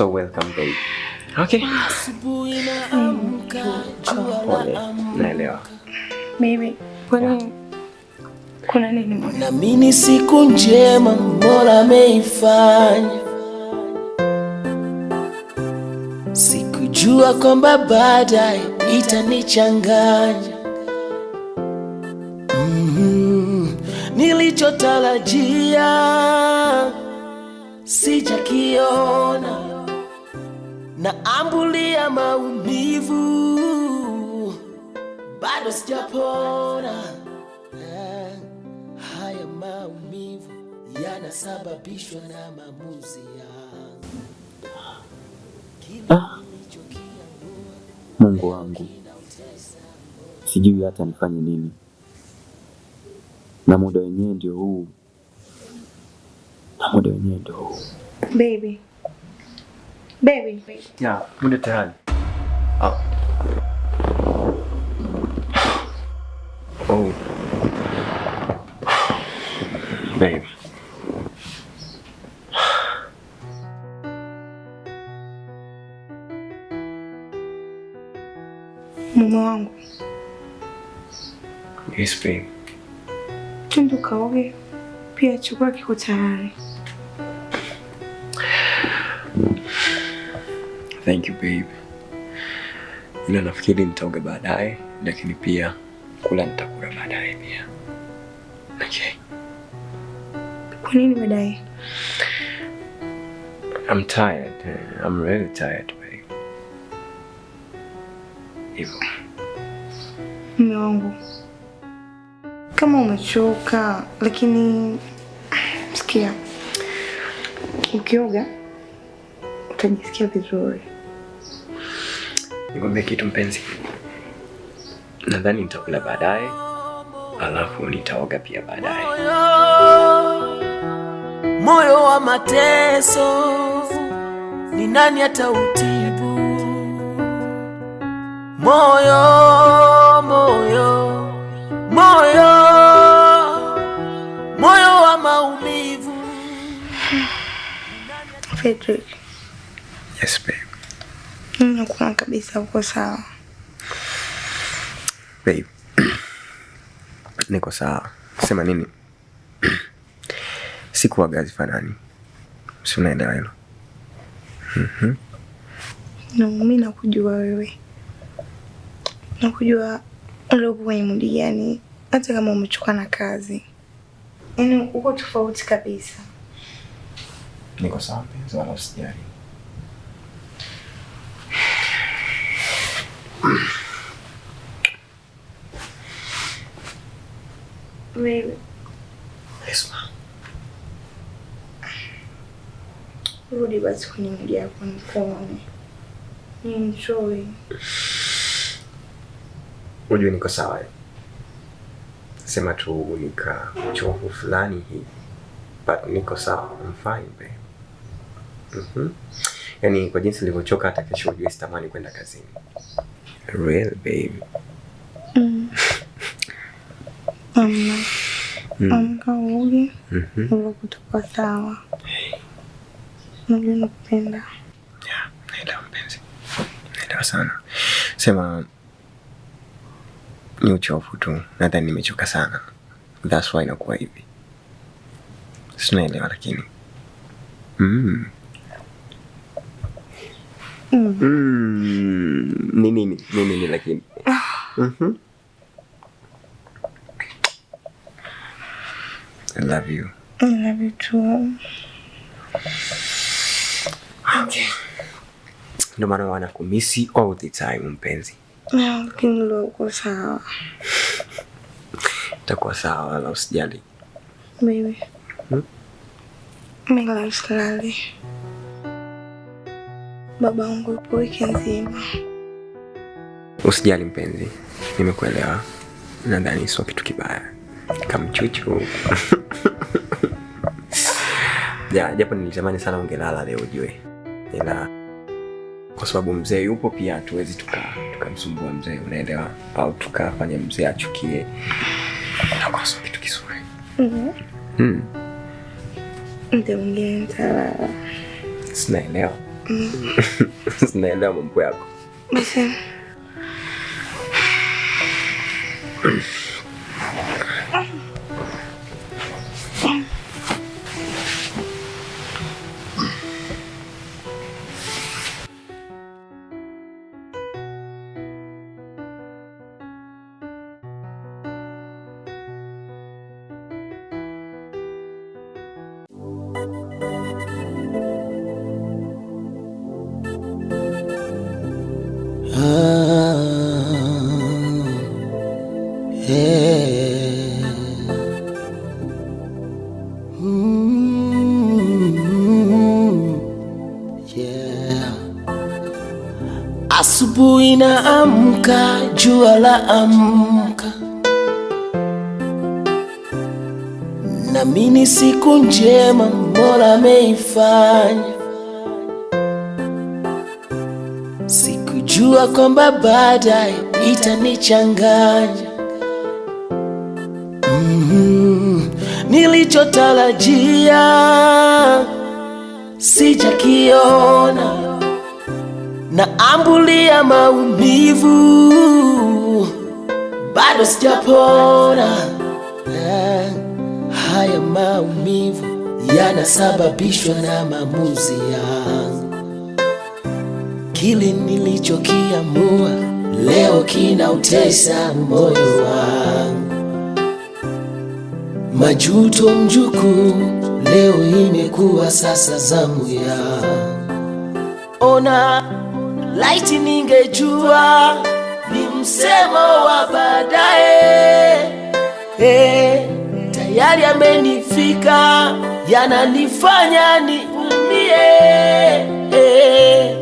so welcome babe. Okay. Naelewa. Mimi kwani kuna nini? Na mimi siku njema Mola ameifanya, sikujua kwamba baadaye itanichanganya mm-hmm. nilichotarajia sijakiona na ambulia maumivu, bado sijapona. Yeah. Haya maumivu yanasababishwa na maamuzi yangu. Ah. Mungu wangu, sijui hata nifanye nini, na muda wenyewe ndio huu, na muda wenyewe ndio huu baby Baby. Ya, mwende tayari. Ah. Oh. Baby. Mume wangu. Yes, baby. Tundu kaoge, pia chukua kiko tayari. Thank you babe. Ila nafikiri nitaoga baadaye, lakini pia kula nitakula baadaye pia. Okay. Kwa nini baadaye? I'm tired. I'm really tired babe. Hivyo. Mume wangu, kama umechoka, lakini sikia, ukioga utajisikia vizuri. Nikwambie kitu mpenzi, nadhani nitakula baadaye, alafu nitaoga pia baadaye. Moyo wa mateso ni nani atautibu? Moyo, moyo, moyo, moyo wa maumivu Fredrick. Yes, babe. Mm, hakuna kabisa, uko sawa babe. Niko sawa, sema nini? gazi fanani, si unaelewa hilo? Mm-hmm. No, mi nakujua wewe, nakujua uliopo kwenye mudi gani, hata kama umechukua na kazi, yaani uko tofauti kabisa. Niko sawa mpenzi, wala usijali. Wewe Esma, rudi basi kwenye mji wako nikuone, nienjoy. Hujue niko sawa, sema tu nika uchovu fulani hivi, but niko sawa, I'm fine babe. Mm -hmm. Yaani kwa jinsi nilivyochoka hata kesho ujue sitamani kwenda kazini. Real babe. Mama, Amka uje sawa. Najua nakupenda. naelewa mpenzi, naelewa sana. Sema ni uchovu tu, nadhani nimechoka sana, that's why inakuwa hivi, sinaelewa lakini mm mm. Mm. Ni nini ni nini lakini mm -hmm. I love you. I love you too. Okay. Ndio maana wanakumisi all the time mpenzi. Kiniloko sawa. Itakuwa sawa wala usijali. Baby. Hmm? Mimi nalala baba yangu yupo wiki nzima. Usijali mpenzi, nimekuelewa. Nadhani sio kitu kibaya kamchuchu. Ja, japo nilitamani sana ungelala leo ujue, ila kwa sababu mzee yupo pia, hatuwezi tukamsumbua tuka mzee, unaelewa, au tukafanya mzee achukie, nakosa kitu kizuri. mm -hmm. hmm. sinaelewa zinaelewa mm. mambo yako Linaamka jua la amka, na ni siku njema Mola ameifanya. Sikujua kwamba baadaye itanichanganya. mm -hmm. Nilichotarajia sijakiona na ya maumivu, bado sijapona. Eh, haya maumivu yanasababishwa na maamuzi yangu. Kile nilichokiamua leo kinautesa moyo wangu. Majuto mjuku leo imekuwa sasa zamu ya ona laiti ningejua ni msemo wa baadaye. Hey, eh, tayari amenifika, yananifanya niumie. Hey, eh,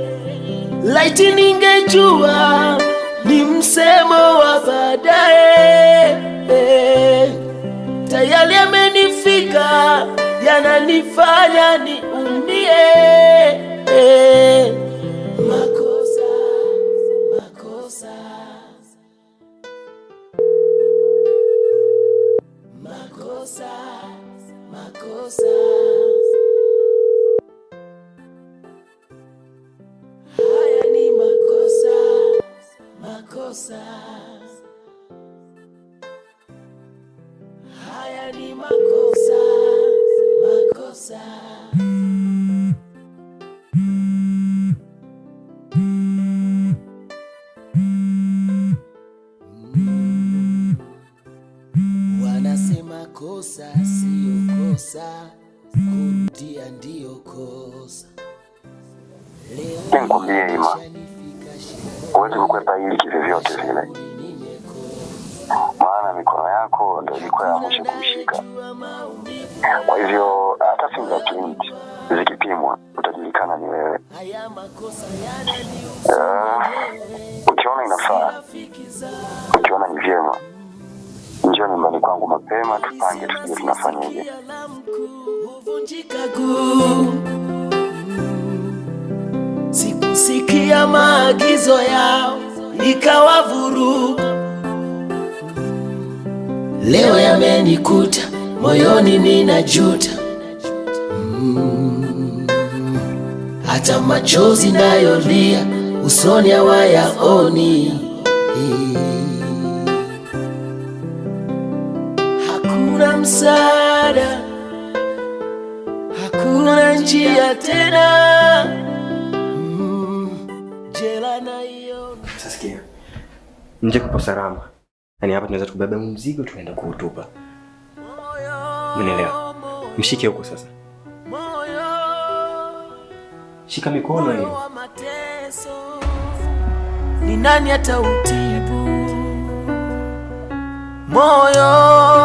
laiti ningejua ni msemo wa baadaye. Hey, eh, tayari amenifika, yananifanya niumie. Haya ni makosa, makosa. Wanasema kosa kosa, kutia ndio kosa. Leo nikwambie, Ima, huwezi kukwepa hili kivyovyote vile. je, tunafanyaje? Sikusikia maagizo yao ikawavuruga, leo yamenikuta moyoni, ninajuta mm. hata machozi nayolia usoni hawayaoni. msaada, hakuna njia tena. Mm, jela na naiona. Sasikia nje kupo salama, yaani hapa tunaweza tukubeba mzigo tunaenda kuutupa, unielewa? Mshike huko sasa, shika mikono hiyo. Ni nani atautibu moyo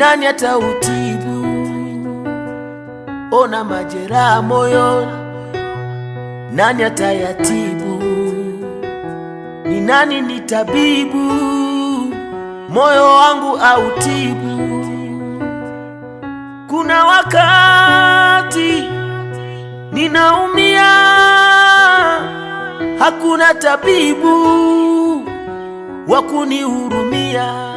nani atautibu? Ona majeraha moyo nani atayatibu? Ni nani ni tabibu, moyo wangu autibu? Kuna wakati ninaumia, hakuna tabibu wa kunihurumia.